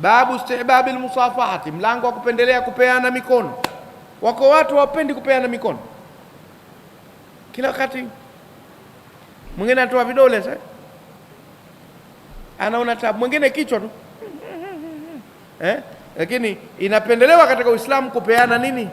Babu istihbabi almusafahati, mlango wa kupendelea kupeana mikono. Wako watu wapendi kupeana mikono, kila wakati mwingine anatoa vidole sa anaona tabu, mwingine kichwa tu eh? Lakini inapendelewa katika Uislamu kupeana nini?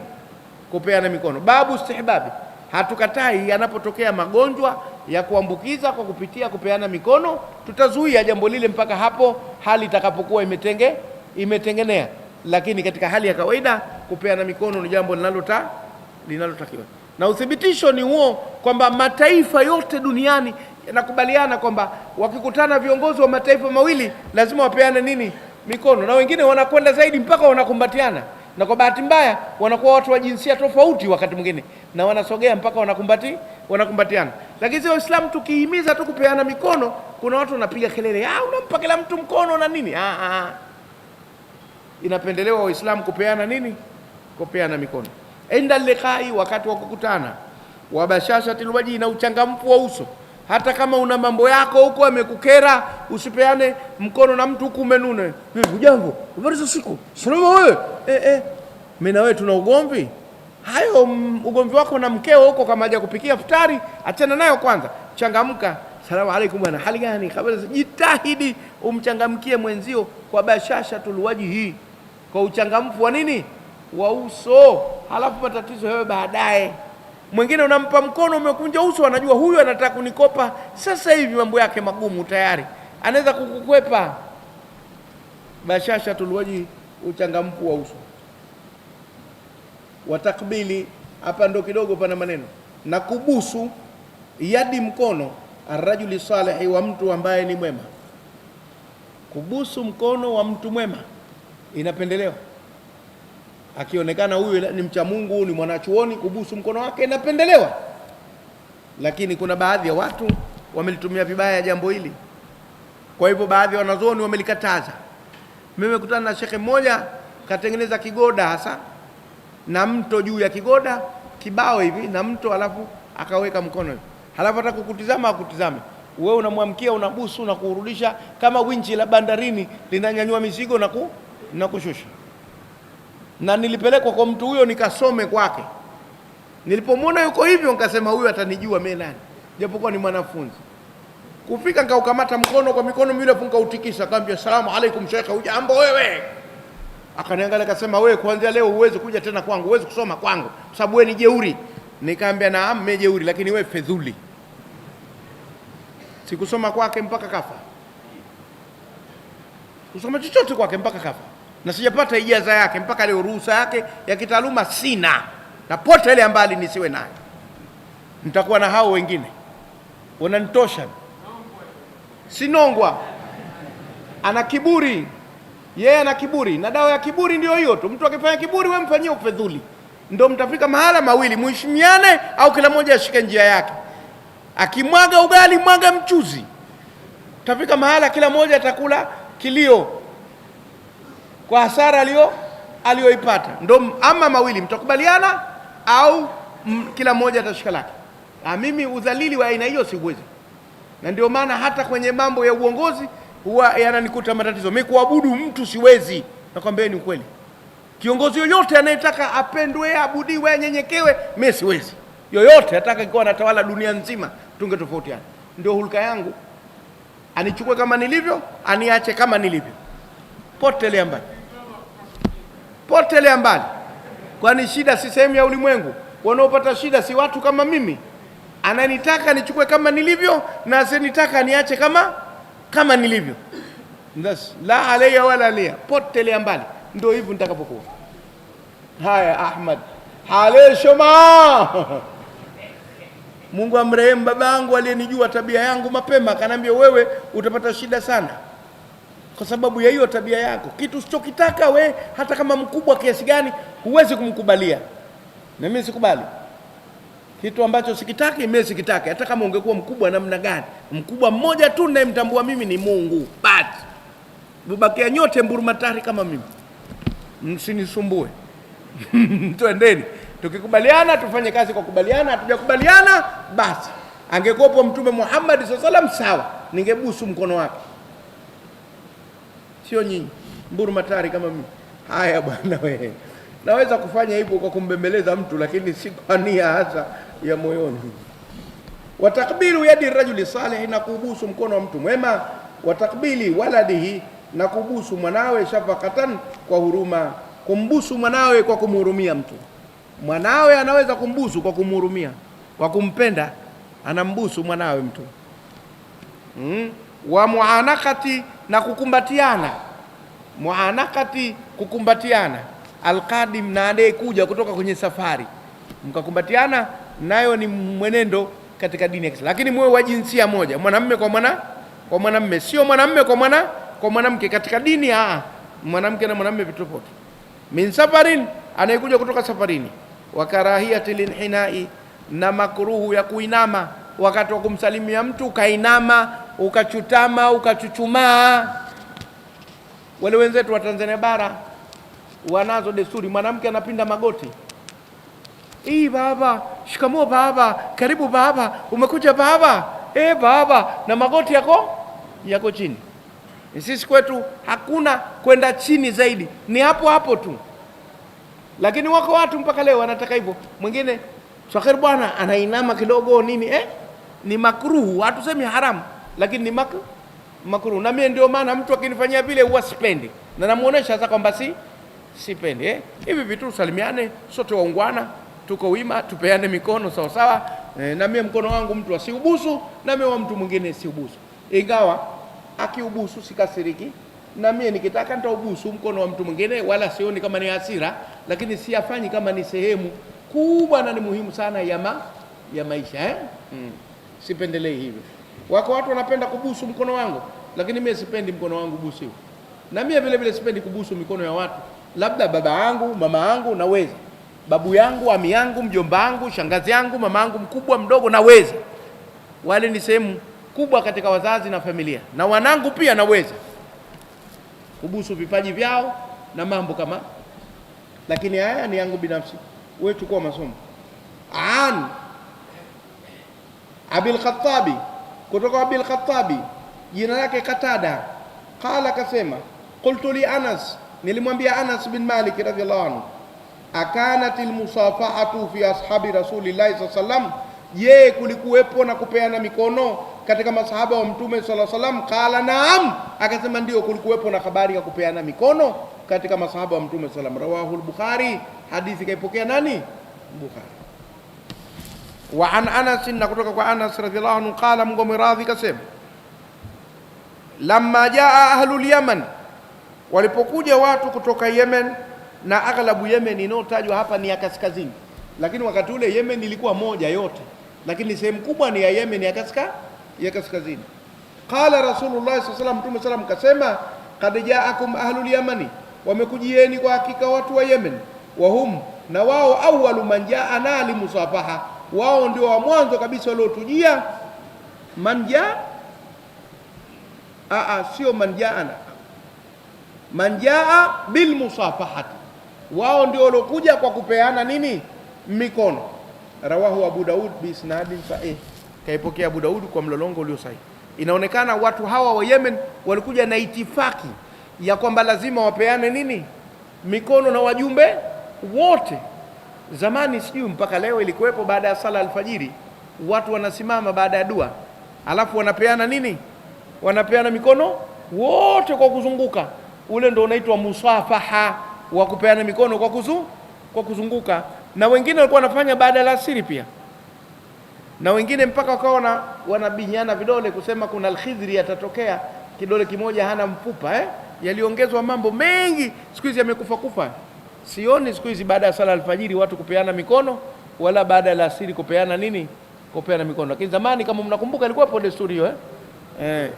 Kupeana mikono, babu istihbabi. Hatukatai anapotokea magonjwa ya kuambukiza kwa kupitia kupeana mikono, tutazuia jambo lile mpaka hapo hali itakapokuwa imetenge imetengenea. Lakini katika hali ya kawaida kupeana mikono ni jambo linalota linalotakiwa, na uthibitisho ni huo kwamba mataifa yote duniani yanakubaliana kwamba wakikutana viongozi wa mataifa mawili lazima wapeane nini mikono, na wengine wanakwenda zaidi mpaka wanakumbatiana na kwa bahati mbaya wanakuwa watu wa jinsia tofauti wakati mwingine, na wanasogea mpaka wanakumbati wanakumbatiana. Lakini sio Uislamu, tukihimiza tu kupeana mikono, kuna watu wanapiga kelele, ah, unampa kila mtu mkono na nini. Ah, ah, ah. inapendelewa Waislamu kupeana nini? Kupeana mikono inda liqai, wakati wa kukutana, wabashashatil waji, na uchangamfu wa uso hata kama una mambo yako huko amekukera, usipeane mkono na mtu huku umenune, hujambo, eh, habari za siku, salama wewe, eh, eh. Mimi na wewe tuna ugomvi hayo mm, ugomvi wako na mkeo huko, kama haja kupikia futari, achana nayo kwanza. Changamka, salamu alaikum bwana, hali gani, habari. Jitahidi umchangamkie mwenzio kwa bashasha tuluwaji hii, kwa uchangamfu wa nini wa uso, halafu matatizo hayo baadaye. Mwingine unampa mkono umekunja uso, anajua huyu anataka kunikopa sasa hivi, mambo yake magumu tayari, anaweza kukukwepa. Bashasha tulwaji, uchangamfu wa uso watakbili, hapa ndo kidogo pana maneno na kubusu yadi, mkono arrajuli salihi, wa mtu ambaye ni mwema. Kubusu mkono wa mtu mwema inapendelewa akionekana huyu ni mcha Mungu, ni mwanachuoni, kubusu mkono wake inapendelewa. Lakini kuna baadhi ya watu wamelitumia vibaya jambo hili, kwa hivyo baadhi ya wanazuoni wamelikataza. Mimi nimekutana na shekhe mmoja katengeneza kigoda hasa na mto juu ya kigoda, kibao hivi na mto, alafu akaweka mkono hivi, halafu hata kukutizama akutizame wewe, unamwamkia unabusu na kurudisha kama winchi la bandarini linanyanyua mizigo na kushusha na nilipelekwa kwa mtu huyo nikasome kwake. Nilipomwona yuko hivyo, nikasema huyu atanijua mimi nani, japokuwa ni mwanafunzi. Kufika nikaukamata mkono kwa mikono miwili, afu nikautikisa, kaambia salamu alaikum shekhe, hujambo wewe? Akaniangalia akasema, wewe kuanzia leo huwezi kuja tena kwangu, huwezi kusoma kwangu kwa sababu wewe ni jeuri. Nikaambia naam, mimi jeuri, lakini wewe fedhuli. Sikusoma kwake mpaka kafa, kusoma chochote kwake mpaka kafa na sijapata ijaza yake mpaka leo, ruhusa yake ya kitaaluma sina, na pote ile ambali nisiwe nayo, nitakuwa na hao wengine wananitosha. Sinongwa ana kiburi, yeye ana kiburi, na dawa ya kiburi ndio hiyo tu. Mtu akifanya kiburi, wewe mfanyie ufedhuli, ndio mtafika mahala mawili, muheshimiane au kila mmoja ashike njia yake. Akimwaga ugali, mwaga mchuzi, mtafika mahala kila mmoja atakula kilio kwa hasara alio aliyoipata. Ndo ama mawili, mtakubaliana au m, kila mmoja atashika lake. Ah, mimi udhalili wa aina hiyo siwezi, na ndio maana hata kwenye mambo ya uongozi huwa yananikuta matatizo. Mimi kuabudu mtu siwezi, nakwambia ni ukweli. Kiongozi yoyote anayetaka apendwe, abudiwe, anyenyekewe, mimi siwezi yoyote, hataka kiwa anatawala dunia nzima, tunge tofautiana. Ndio hulka yangu, anichukue kama nilivyo, aniache kama nilivyo, potelea mbali potelea mbali. Kwani shida si sehemu ya ulimwengu? Wanaopata shida si watu kama mimi? Ananitaka nichukue kama nilivyo na asinitaka niache kama kama nilivyo. La alayya wala alayya, potelea mbali. Ndio hivyo nitakapokuwa. Haya, Ahmad hale shoma Mungu amrehemu babangu aliyenijua tabia yangu mapema, akanambia wewe utapata shida sana kwa sababu ya hiyo tabia yako. Kitu usichokitaka we, hata kama mkubwa kiasi gani, huwezi kumkubalia. Na mimi sikubali kitu ambacho sikitaki, mimi sikitaki, hata kama ungekuwa mkubwa namna gani. Mkubwa mmoja tu ninayemtambua mimi ni Mungu, bas mbakia nyote mburumatari kama mimi, msinisumbue. Twendeni tukikubaliana tufanye kazi kwa kubaliana, hatujakubaliana basi. Angekuwepo Mtume Muhammad sallallahu alaihi wasallam, sawa, ningebusu mkono wake sio nyinyi. Mburu matari kama mimi. Haya bwana wewe, naweza kufanya hivyo kwa kumbembeleza mtu, lakini si kwa nia hasa ya moyoni. Watakbilu yadi rajuli salih, na kubusu mkono wa mtu mwema. Watakbili waladihi, na kubusu mwanawe. Shafakatan, kwa huruma. Kumbusu mwanawe kwa kumhurumia mtu. Mwanawe anaweza kumbusu kwa kumhurumia, kwa kumpenda, anambusu mwanawe mtu Hmm. wa muanakati na kukumbatiana muanakati, kukumbatiana alqadim na anayekuja kutoka kwenye safari, mkakumbatiana nayo ni mwenendo katika dini ya Kiislamu, lakini muwe wa jinsia moja, mwanamme kwa mwana kwa mwanamme, sio mwanamme kwa mwana kwa mwanamke. Katika dini aa, mwanamke na mwanamme vitofauti. Min safarin, anayekuja kutoka safarini. Wa karahiyatil linhinai, na makruhu ya kuinama wakati wa kumsalimia mtu kainama ukachutama ukachuchumaa. Wale wenzetu wa Tanzania bara wanazo desturi, mwanamke anapinda magoti hii, baba, shikamoo baba, karibu baba, umekuja baba, eh baba, na magoti yako yako chini. Sisi kwetu hakuna kwenda chini zaidi, ni hapo hapo tu, lakini wako watu mpaka leo wanataka hivyo. Mwingine swaheri bwana anainama kidogo nini eh? Ni makruhu, hatusemi haramu lakini ni mak makruh. Na mimi ndio maana mtu akinifanyia vile huwa sipendi, na namuonesha sasa kwamba si sipendi eh. Hivi vitu salimiane, sote waungwana, tuko wima, tupeane mikono sawa sawa. Eh, na mimi mkono wangu mtu asiubusu, na mimi wa mtu mwingine siubusu, ingawa akiubusu sikasiriki na mimi nikitaka nitaubusu mkono wa mtu mwingine, wala sioni kama ni hasira, lakini siyafanyi kama ni sehemu kubwa na ni muhimu sana ya ma, ya maisha eh? Hmm. Sipendelei hivyo. Wako watu wanapenda kubusu mkono wangu, lakini mimi sipendi mkono wangu busiwe, na mimi vile vile sipendi kubusu mikono ya watu, labda baba yangu, mama yangu naweza, babu yangu, ami yangu, mjomba yangu, shangazi yangu, mama yangu mkubwa, mdogo, naweza. Wale ni sehemu kubwa katika wazazi na familia, na wanangu pia naweza kubusu vipaji vyao na mambo kama, lakini haya ni yangu binafsi. Wewe chukua masomo Aan Abil Khattabi kutoka kwa Abil Khattabi, jina lake Katada, qala akasema, qultu li Anas, nilimwambia Anas bin Malik radhiallahu anhu, akanat almusafahatu fi ashabi rasulillahi sallallahu alayhi wasallam, je, kulikuwepo na kupeana mikono katika masahaba wa mtume sallallahu alayhi wasallam? Qala naam, akasema ndio, kulikuwepo na habari ya kupeana mikono katika masahaba wa mtume sallallahu alayhi wasallam. Rawahu al-Bukhari, hadithi kaipokea nani? Bukhari wa an Anas, na kutoka kwa Anas radhiallahu anhu qala, mgome radhi kasema, lamma jaa ahlul yaman, walipokuja watu kutoka Yemen. Na aghlabu Yemen inayotajwa hapa ni ya kaskazini, lakini wakati ule Yemen ilikuwa moja yote, lakini sehemu kubwa ni ya Yemen ya kaska ya kaskazini. Qala Rasulullah sallallahu alaihi wasallam, Mtume sallam kasema, kad jaakum ahlul yamani, wamekujieni kwa hakika watu wa Yemen, wahum na wao, awalu man jaa na alimusafaha wao ndio wa mwanzo kabisa waliotujia manja aa, sio manjaana, manjaa bilmusafahati, wao ndio waliokuja kwa kupeana nini mikono. Rawahu Abu Daud biisnadin sahih, kaipokea Abu Daud kwa mlolongo ulio sahihi. Inaonekana watu hawa wa Yemen walikuja na itifaki ya kwamba lazima wapeane nini mikono na wajumbe wote Zamani sijui mpaka leo ilikuwepo, baada ya sala alfajiri watu wanasimama baada ya dua, alafu wanapeana nini? Wanapeana mikono wote kwa kuzunguka. Ule ndo unaitwa musafaha wa kupeana mikono kwa kuzu, kwa kuzunguka. Na wengine walikuwa wanafanya baada ya asiri pia, na wengine mpaka wakawa wanabinyana vidole kusema kuna alkhidhri atatokea, kidole kimoja hana mfupa eh? Yaliongezwa mambo mengi siku hizi, yamekufa kufa Sioni siku hizi baada ya sala alfajiri watu kupeana mikono wala baada ya alasiri kupeana nini, kupeana mikono. Lakini zamani kama mnakumbuka, ilikuwa hapo desturi hiyo eh? Eh.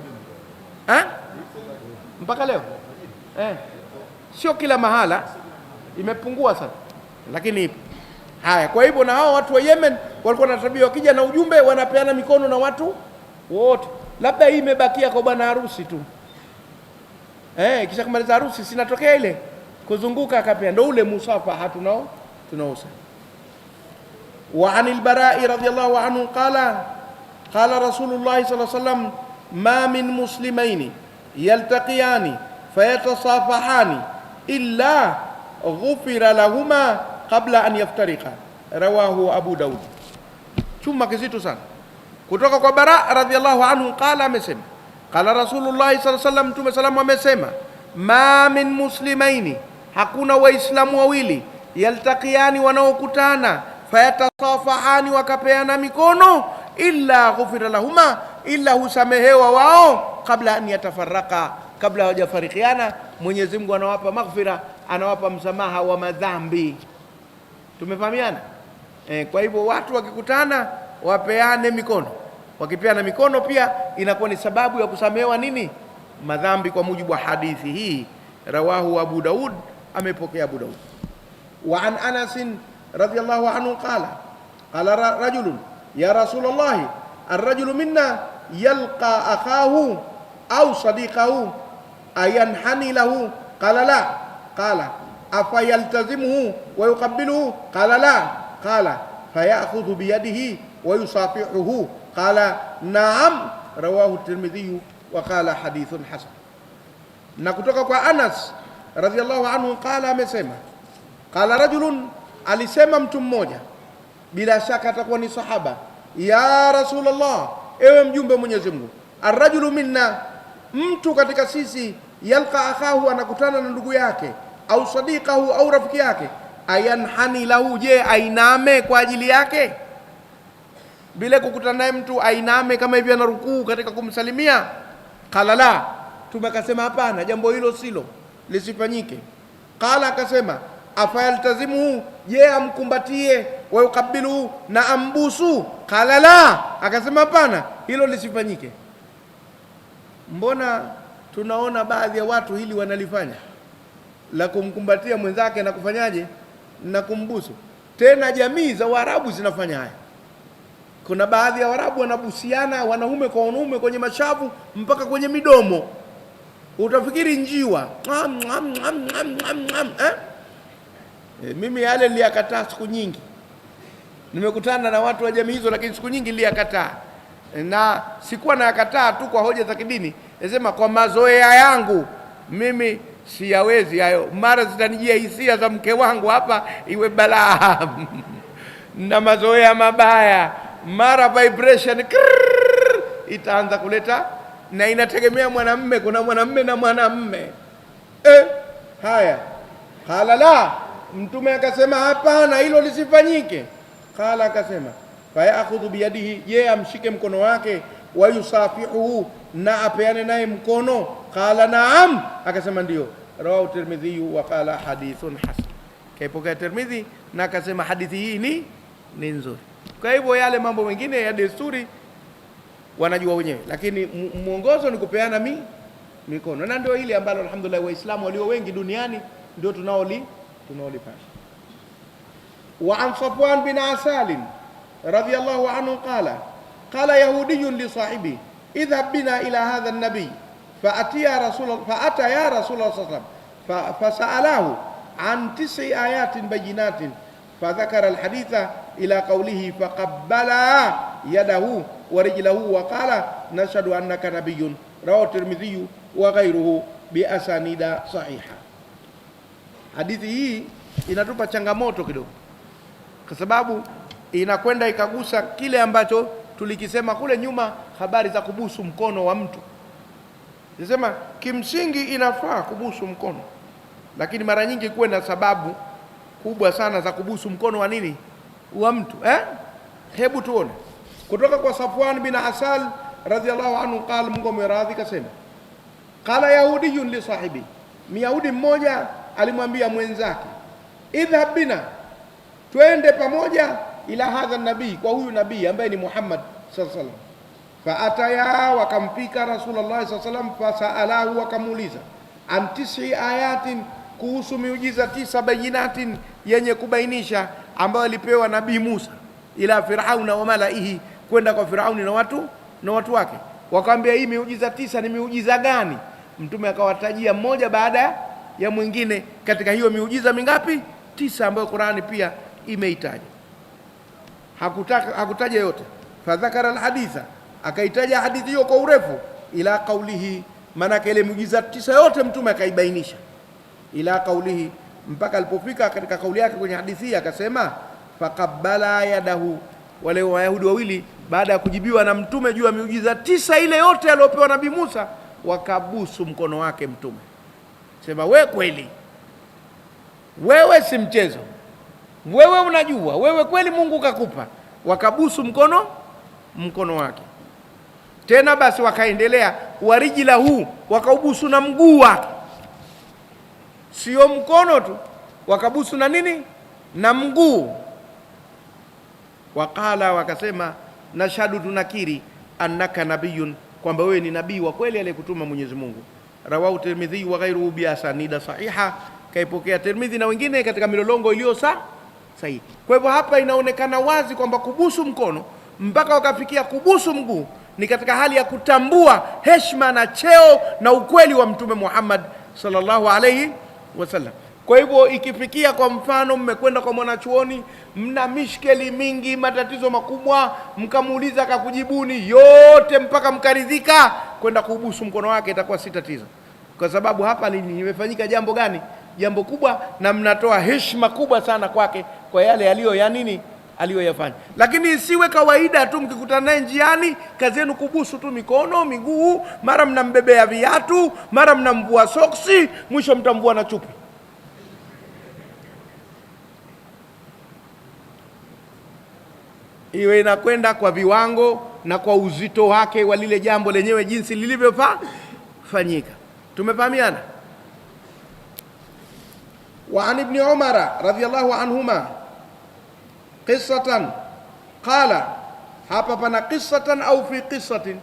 Ha? Mpaka leo eh. Sio kila mahala, imepungua sana, lakini ipo. Haya, kwa hivyo na hao watu wa Yemen walikuwa na tabia, wakija na ujumbe wanapeana mikono na watu wote. Labda hii imebakia kwa bwana harusi tu eh, kisha kumaliza harusi sinatokea ile kuzunguka akapea, ndo ule musafaha tunao tunaosema. Wa anil Barai radhiyallahu anhu qala qala Rasulullah sallallahu alayhi wasallam ma min muslimaini yaltaqiyani fayatasafahani illa ghufira lahuma qabla an yaftariqa, rawahu Abu Daud. Chuma kizito sana kutoka kwa Bara radhiyallahu anhu qala, amesema qala Rasulullah sallallahu alayhi wasallam, Mtume salamu amesema ma min muslimaini hakuna Waislamu wawili yaltakiani, wanaokutana fayatasafahani, wakapeana mikono illa ghufira lahuma, illa husamehewa wao kabla an yatafaraka, kabla hawajafarikiana. Mwenyezi Mungu anawapa maghfira, anawapa msamaha wa madhambi. Tumefahamiana e? Kwa hivyo watu wakikutana wapeane mikono, wakipeana mikono pia inakuwa ni sababu ya kusamehewa nini? Madhambi, kwa mujibu wa hadithi hii, rawahu Abu Daud amepokea Abu Daud. Wa an Anas radhiyallahu anhu qala qala rajulun ya Rasulullah arrajulu minna yalqa akahu au sadiqahu ayanhani lahu qala la qala afayaltazimuhu wa yuqabbiluhu qala la qala fayakhudhu biyadihi wa yusafihuhu qala naam rawahu Tirmidhi wa qala hadithun hasan. Na kutoka kwa Anas radhiallahu anhu qala, amesema qala rajulun, alisema mtu mmoja, bila shaka atakuwa ni sahaba, ya Rasulullah, ewe mjumbe Mwenyezi Mungu, arrajulu minna, mtu katika sisi, yalqa akhahu, anakutana na ndugu yake, au sadiqahu, au rafiki yake, ayanhani lahu, je ainame kwa ajili yake bila kukutana naye mtu ainame kama hivyo anarukuu katika kumsalimia. Qala la, tumekasema hapana, jambo hilo silo lisifanyike. Qala, akasema afayaltazimuhu, je amkumbatie, wayukabiluhu, na ambusu. Qala la, akasema hapana, hilo lisifanyike. Mbona tunaona baadhi ya watu hili wanalifanya la kumkumbatia mwenzake na kufanyaje na kumbusu. Tena jamii za Waarabu zinafanya haya. Kuna baadhi ya Waarabu wanabusiana wanaume kwa wanaume kwenye mashavu mpaka kwenye midomo. Utafikiri njiwa eh? eh? mimi yale niliyakataa siku nyingi, nimekutana na watu wa jamii hizo, lakini siku nyingi niliyakataa, na sikuwa nayakataa tu kwa hoja za kidini, nasema kwa mazoea yangu mimi siyawezi hayo, mara zitanijia hisia za mke wangu hapa, iwe balaa na mazoea mabaya, mara vibration itaanza kuleta na inategemea mwanamme. Kuna mwanamme na mwanamme eh, haya qala la, Mtume akasema hapana, hilo lisifanyike. Qala akasema fayakhudhu biyadihi, je amshike mkono wake, wayusafihuhu, na apeane naye mkono. Qala naam, akasema ndio. Rawahu Tirmidhi wa qala hadithun hasan, kaipokea Tirmidhi na akasema hadithi hii ni ni nzuri. Kwa hivyo yale mambo mengine ya desturi wanajua wenyewe, lakini mwongozo ni kupeana mi mikono, na ndio hili ambalo alhamdulillah Waislamu walio wengi duniani ndio tunaoli tunaolipata. Wa an Safwan bin Asal radhiyallahu anhu qala qala yahudiyun li sahibi idhhab bina ila hadha an-nabi fa atiya rasul fa ata ya rasul sallallahu alayhi wasallam fa sa'alahu an tis'i ayatin bayinatin fa dhakara al-haditha ila qawlihi fa qabbala yadahu wa rijlahu wa qala nashhadu annaka nabiyyun rawahu Tirmidhi wa ghayruhu bi asanida sahiha. Hadithi hii inatupa changamoto kidogo, kwa sababu inakwenda ikagusa kile ambacho tulikisema kule nyuma, habari za kubusu mkono wa mtu. nasema kimsingi inafaa kubusu mkono, lakini mara nyingi kuwe na sababu kubwa sana za kubusu mkono wa nini wa mtu eh? Hebu tuone kutoka kwa Safwan bin Asal radhiallahu anhu qal Mungu ameradhi kasema, qala yahudiyun li sahibi, myahudi mmoja alimwambia mwenzake, idhhab bina, twende pamoja, ila hadha nabii, kwa huyu nabii ambaye ni Muhammad sallallahu alaihi wasallam. Faataya, wakampika Rasulullah sallallahu alaihi wasallam, fasaalahu, wakamuuliza an tisi ayatin, kuhusu miujiza tisa bayinatin, yenye kubainisha ambayo alipewa nabii Musa ila Firauna wa malaihi kwenda kwa Firauni na watu na watu wake, wakamwambia hii miujiza tisa ni miujiza gani? Mtume akawatajia mmoja baada ya mwingine katika hiyo miujiza mingapi? Tisa, ambayo Qurani pia imeitaja. Hakutaka, hakutaja yote. Fadhakara alhaditha, akaitaja hadithi hiyo kwa urefu, ila kaulihi, maanake ile miujiza tisa yote Mtume akaibainisha, ila kaulihi, mpaka alipofika katika kauli yake kwenye hadithi hii akasema, faqabbala yadahu, wale Wayahudi wawili baada ya kujibiwa na mtume juu ya miujiza tisa ile yote aliyopewa nabii Musa, wakabusu mkono wake mtume, sema we kweli, wewe si mchezo, wewe unajua, wewe kweli Mungu kakupa. Wakabusu mkono mkono wake tena. Basi wakaendelea warijila huu, wakaubusu na mguu wake, sio mkono tu, wakabusu na nini? Na mguu. Wakala wakasema nashhadu, tunakiri annaka nabiyun, kwamba wewe ni nabii wa kweli aliyekutuma Mwenyezi Mungu. Rawahu Tirmidhi wa ghairuhu bi asanida sahiha, kaipokea Tirmidhi na wengine katika milolongo iliyo sa sahihi. Kwa hivyo hapa inaonekana wazi kwamba kubusu mkono mpaka wakafikia kubusu mguu ni katika hali ya kutambua heshima na cheo na ukweli wa Mtume Muhammad sallallahu alayhi wasallam. Kwa hivyo ikifikia kwa mfano, mmekwenda kwa mwanachuoni, mna mishkeli mingi, matatizo makubwa, mkamuuliza akakujibuni yote mpaka mkaridhika, kwenda kuubusu mkono wake itakuwa si tatizo, kwa sababu hapa limefanyika jambo gani? Jambo kubwa, na mnatoa heshima kubwa sana kwake kwa yale aliyo ya nini aliyoyafanya. Lakini isiwe kawaida tu mkikutana naye njiani, kazi yenu kubusu tu mikono, miguu, mara mnambebea viatu, mara mnamvua soksi, mwisho mtamvua na chupi. iwe inakwenda kwa viwango na kwa uzito wake wa lile jambo lenyewe jinsi lilivyofanyika. Tumefahamiana? wa an ibni Umara radhiyallahu anhuma qissatan qala, hapa pana qissatan au fi qissatin,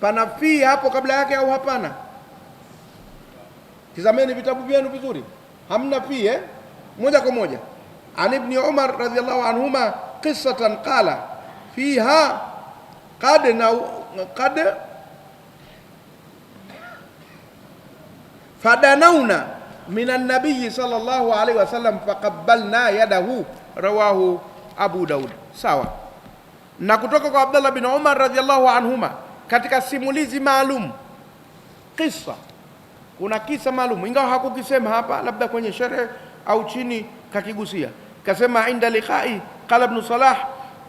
pana fi hapo kabla yake au hapana? Tizameni vitabu vyenu vizuri, hamna fi eh? Moja kwa moja an ibni Umar radhiyallahu anhuma qissatan qala fiha qad na qad fadanawna min an-nabiy sallallahu alayhi wasallam faqabbalna yadahu rawahu Abu Daud. Sawa. Na kutoka kwa Abdullah bin Umar radhiyallahu anhuma katika simulizi maalum qissa kuna kisa maalum, ingawa hakukisema hapa, labda kwenye sherehe au chini kakigusia, kasema inda liqai Qala Ibn Salah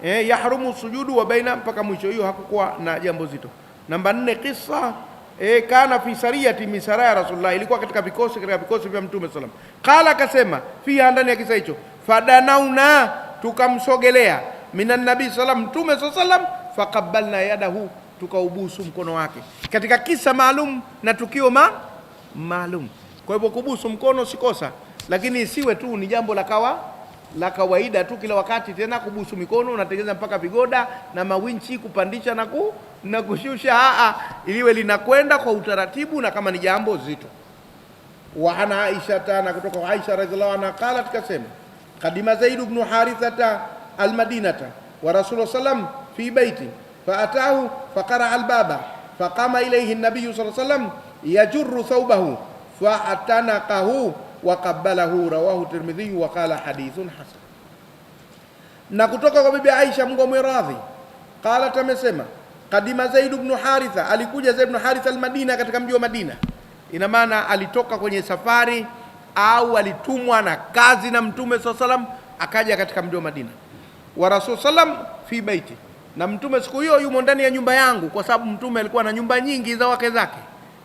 eh, yahrumu sujudu wa baina mpaka mwisho. Hiyo hakukuwa na jambo zito. Namba nne, kisa eh, kana fi sariyati misara ya Rasulullah, ilikuwa katika vikosi katika vikosi vya Mtume sallam. Qala akasema, fiha ndani ya kisa hicho, fadanauna tukamsogelea minan nabii sallam, Mtume sallam, faqabbalna yadahu tukaubusu mkono wake, katika kisa maalum na tukio ma maalum. Kwa hivyo kubusu mkono sikosa, lakini isiwe tu ni jambo la kawa la kawaida tu kila wakati tena, kubusu mikono unatengeza mpaka vigoda na mawinchi kupandisha na, ku, na kushusha aa, iliwe linakwenda kwa utaratibu na kama ni jambo zito. Wa ana Aisha tana kutoka wa Aisha radhiallahu anha qala, tukasema kadima Zaid ibn Harithata almadinata wa rasulullah sallam fi baiti faatahu faqara albaba faqama ilayhi an-nabiy sallallahu alayhi wasallam yajurru thawbahu faatanaqahu waqabalahu rawahu Tirmidhi wa qala hadithun hasan. Na kutoka kwa bibi Aisha, Mungu amwiradhi, qalat, amesema kadima Zaid ibn Haritha, alikuja Zaid ibn Haritha al-Madina, katika mji wa Madina. Ina maana alitoka kwenye safari au alitumwa na kazi na Mtume saa salam, akaja katika mji wa Madina wa rasul salam fi baiti, na Mtume siku hiyo yumo ndani ya nyumba yangu, kwa sababu Mtume alikuwa na nyumba nyingi za wake zake,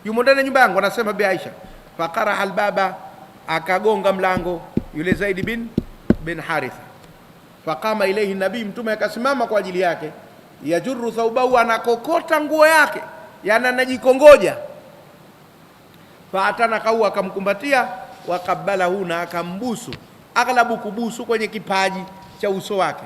yumo ndani ya nyumba yangu, anasema bi Aisha, faqaraha albaba akagonga mlango yule zaidi bin bin Haritha, faqama ilaihi nabii, mtume akasimama kwa ajili yake, yajuru thaubahu, anakokota nguo yake, yani anajikongoja. Faatanakau, akamkumbatia, wakabalahu, na akambusu, aghlabu kubusu kwenye kipaji cha uso wake.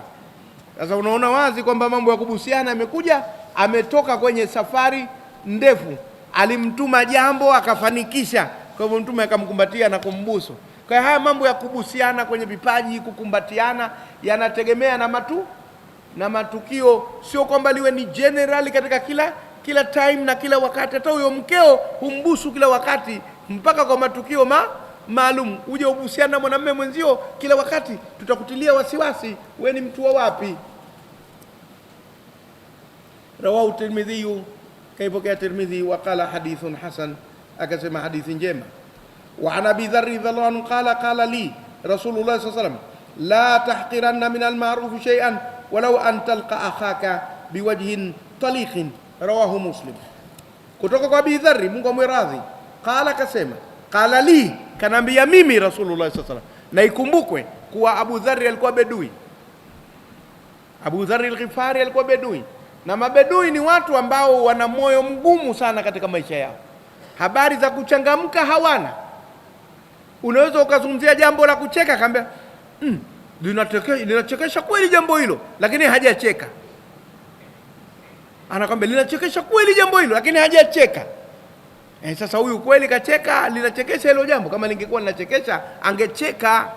Sasa unaona wazi kwamba mambo ya kubusiana yamekuja, ametoka kwenye safari ndefu, alimtuma jambo akafanikisha. Kwa hivyo Mtume akamkumbatia na kumbusu. Kwa haya mambo ya kubusiana kwenye vipaji, kukumbatiana yanategemea na matu na matukio, sio kwamba liwe ni generali katika kila kila time na kila wakati. Hata huyo mkeo humbusu kila wakati, mpaka kwa matukio ma maalum. Uje ubusiana na mwanamume mwenzio kila wakati, tutakutilia wasiwasi, we ni mtu wa wapi? Rawahu Tirmidhi, kaipokea Tirmidhi, waqala hadithun hasan akasema hadithi njema. Wa an Abi Dharr radhiallahu anhu qala qala li Rasulullah sallallahu la tahqiranna min almarufi shay'an walau an talqa akhaka biwajhin taliqin, rawahu Muslim. Kutoka kwa Abi dhari Mungu amwiradhi, qala akasema, qala li, kanaambia mimi Rasulullah sallallahu Na ikumbukwe kuwa Abu Dharr alikuwa bedui Abu Dharr al alikuwa bedui, na mabedui ni watu ambao wana moyo mgumu sana katika maisha yao habari za kuchangamka hawana. Unaweza ukazungumzia jambo la kucheka, akaambia mm, linachekesha kweli jambo hilo, lakini hajacheka. Anakwambia linachekesha kweli jambo hilo, lakini hajacheka. E, sasa huyu kweli kacheka? Linachekesha hilo jambo? Kama lingekuwa linachekesha angecheka.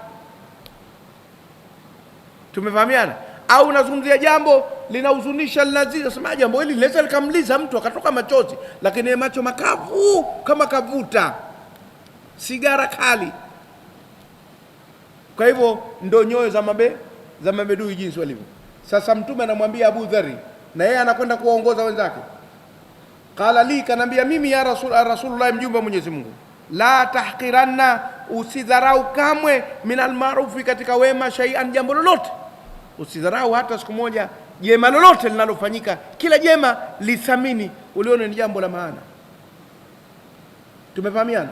Tumefahamiana? au nazungumzia jambo linahuzunisha, linaziza, sema ah, jambo hili linaweza likamliza mtu akatoka machozi, lakini ye macho makavu kama kavuta sigara kali. Kwa hivyo ndo nyoyo za mabe za mabedui jinsi walivyo. Sasa Mtume anamwambia Abu Dhari, na yeye anakwenda kuwaongoza wenzake. Qala li, kanambia mimi ya rasul Rasulullah, mjumbe wa Mwenyezi Mungu, la tahqiranna, usidharau kamwe, min almarufi, katika wema, shay'an, jambo lolote Usidharau hata siku moja jema lolote linalofanyika. Kila jema lithamini, ulione ni jambo la maana. Tumefahamiana?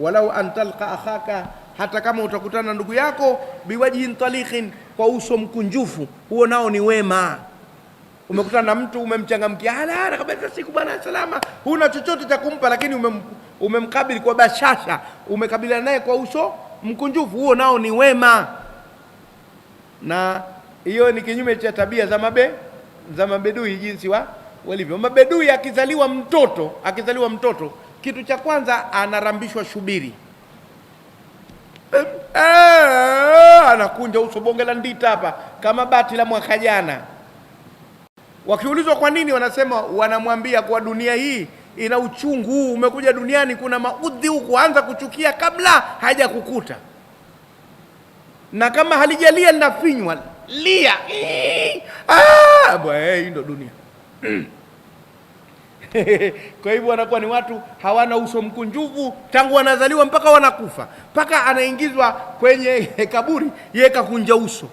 walau antalqa akhaka, hata kama utakutana ndugu yako biwajihin talikhin, kwa uso mkunjufu, huo nao ni wema. Umekutana na mtu umemchangamkia, hala kabisa, siku bwana salama, huna chochote cha kumpa, lakini umem, umemkabili kwa bashasha, umekabiliana naye kwa uso mkunjufu, huo nao ni wema na hiyo ni kinyume cha tabia za mabe za mabedui jinsi wa walivyo mabedui. Akizaliwa mtoto akizaliwa mtoto, kitu cha kwanza anarambishwa shubiri, eh, eh, anakunja uso, bonge la ndita hapa kama bati la mwaka jana. Wakiulizwa kwa nini, wanasema wanamwambia kwa dunia hii ina uchungu umekuja duniani kuna maudhi huu, kuanza kuchukia kabla hajakukuta, na kama halijalia linafinywa lia ah, bwana eh, hii ndo dunia kwa hivyo wanakuwa ni watu hawana uso mkunjufu tangu wanazaliwa mpaka wanakufa, mpaka anaingizwa kwenye kaburi yeye kakunja uso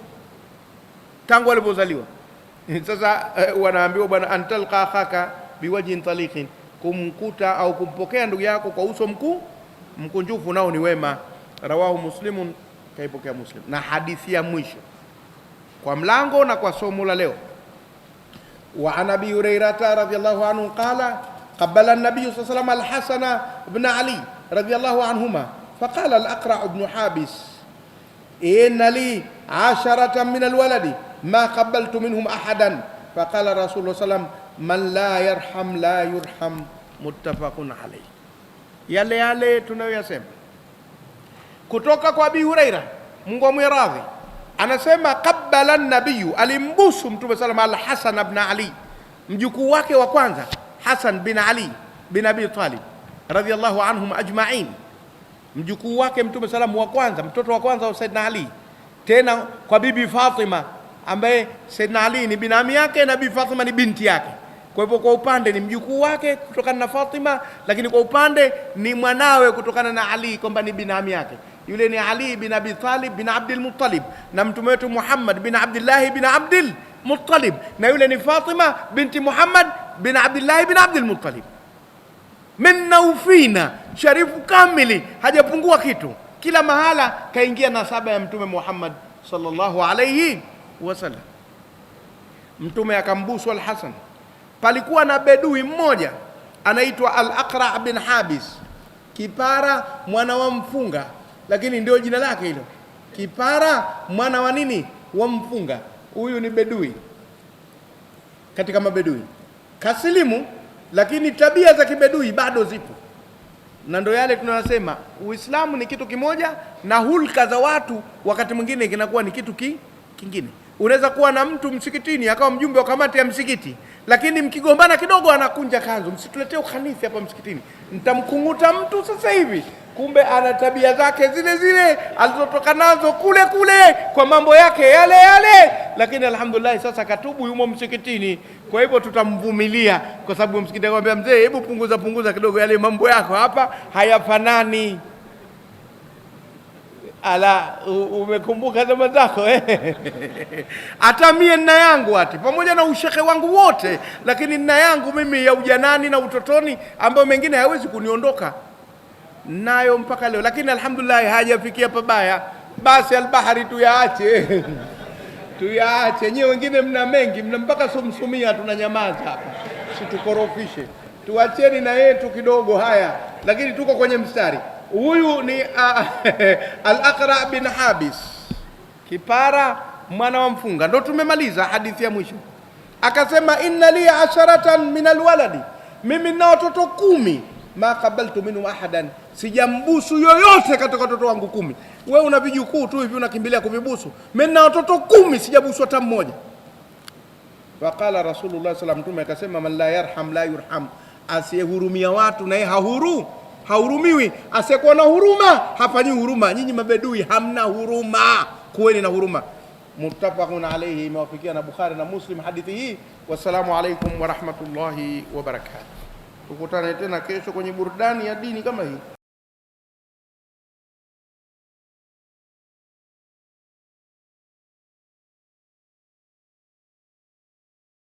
tangu alipozaliwa. Sasa eh, wanaambiwa bwana, antalqa akhaka biwajhin taliqin, kumkuta au kumpokea ndugu yako kwa uso mkuu mkunjufu nao ni wema. Rawahu Muslimun, kaipokea Muslim. Na hadithi ya mwisho kwa mlango na kwa somo la leo. Wa an abi hurairata radhiyallahu anhu qala qabala an-nabiy sallallahu alayhi wasallam al-Hasan ibn Ali radhiyallahu anhuma faqala al-Aqra' ibn Habis inna li 'asharatan min al-waladi ma qabbaltu minhum ahadan faqala rasulullah sallam man la yarham la yurham muttafaqun alayh. Yale yale tunayoyasema kutoka kwa Abi Huraira, Mungu amwiradhi Anasema qabbala nabiyu, alimbusu Mtume sallam al bin Ali, mjukuu wake wa kwanza Hasan bin Ali bin Abi Talib radhiyallahu anhum ajma'in, mjukuu wake Mtume sallam wa kwanza, mtoto wa kwanza wa Saidna Ali, tena kwa Bibi Fatima ambaye Saidna Ali ni binamu yake na Bibi Fatima ni binti yake. Kwa hivyo kwa upande ni mjukuu wake kutokana na Fatima, lakini kwa upande ni mwanawe kutokana na Ali kwamba ni binamu yake. Yule ni Ali bin Abi Talib bin Abdul Muttalib, na mtume wetu Muhammad bin Abdullah bin Abdul Muttalib, na yule ni Fatima binti Muhammad bin Abdullah bin Abdul Muttalib. Minna ufina sharifu kamili, hajapungua kitu. Kila mahala kaingia nasaba ya mtume Muhammad sallallahu alayhi wasallam. Mtume akambusu Al-Hasan. Palikuwa na bedui mmoja anaitwa Al-Aqra bin Habis, kipara mwana wa mfunga lakini ndio jina lake hilo, kipara mwana wa nini, wa mpunga. Huyu ni bedui katika mabedui, kasilimu, lakini tabia za kibedui bado zipo, na ndio yale tunayosema Uislamu ni kitu kimoja na hulka za watu wakati mwingine kinakuwa ni kitu ki, kingine. Unaweza kuwa na mtu msikitini akawa mjumbe wa kamati ya msikiti, lakini mkigombana kidogo anakunja kanzu, msituletee uhanithi hapa msikitini, ntamkunguta mtu sasa hivi kumbe ana tabia zake zile zile alizotoka nazo kule kule, kwa mambo yake yale yale, lakini alhamdulillah, sasa katubu, yumo msikitini. Kwa hivyo tutamvumilia, kwa sababu msikiti akamwambia mzee, hebu punguza punguza kidogo yale mambo yako hapa, hayafanani. Ala, umekumbuka zama zako hata eh? Mie nna yangu ati pamoja na ushehe wangu wote, lakini nna yangu mimi ya ujanani na utotoni, ambayo mengine hayawezi kuniondoka nayo mpaka leo, lakini alhamdulillah hajafikia pabaya. Basi albahari tuyaache tuyaache. Nyewe wengine mna mengi, mna mpaka sumsumia, tunanyamaza hapa, situkorofishe, tuacheni na yetu kidogo. Haya, lakini tuko kwenye mstari huyu. Ni al-Aqra bin Habis, kipara mwana wa mfunga, ndo tumemaliza hadithi ya mwisho. Akasema, inna li asharatan min alwaladi, mimi na watoto kumi ma kabaltu minhum ahadan, sijambusu yoyote katika watoto wangu kumi. We una vijukuu tu hivi unakimbilia kuvibusu, mi na watoto kumi sijabusu hata mmoja. Faqala Rasulullah sallallahu Mtume akasema man la yarham la yurham, asiyehurumia watu naye hahuru hahurumiwi, asiyekuwa na huruma hafanyi huruma. Nyinyi mabedui hamna huruma, kuweni na huruma. Muttafaqun alayhi, imewafikia na Bukhari na Muslim hadithi hii. Wassalamu alaykum wa rahmatullahi wa barakatuh tukutane tena kesho kwenye burudani ya dini kama hii.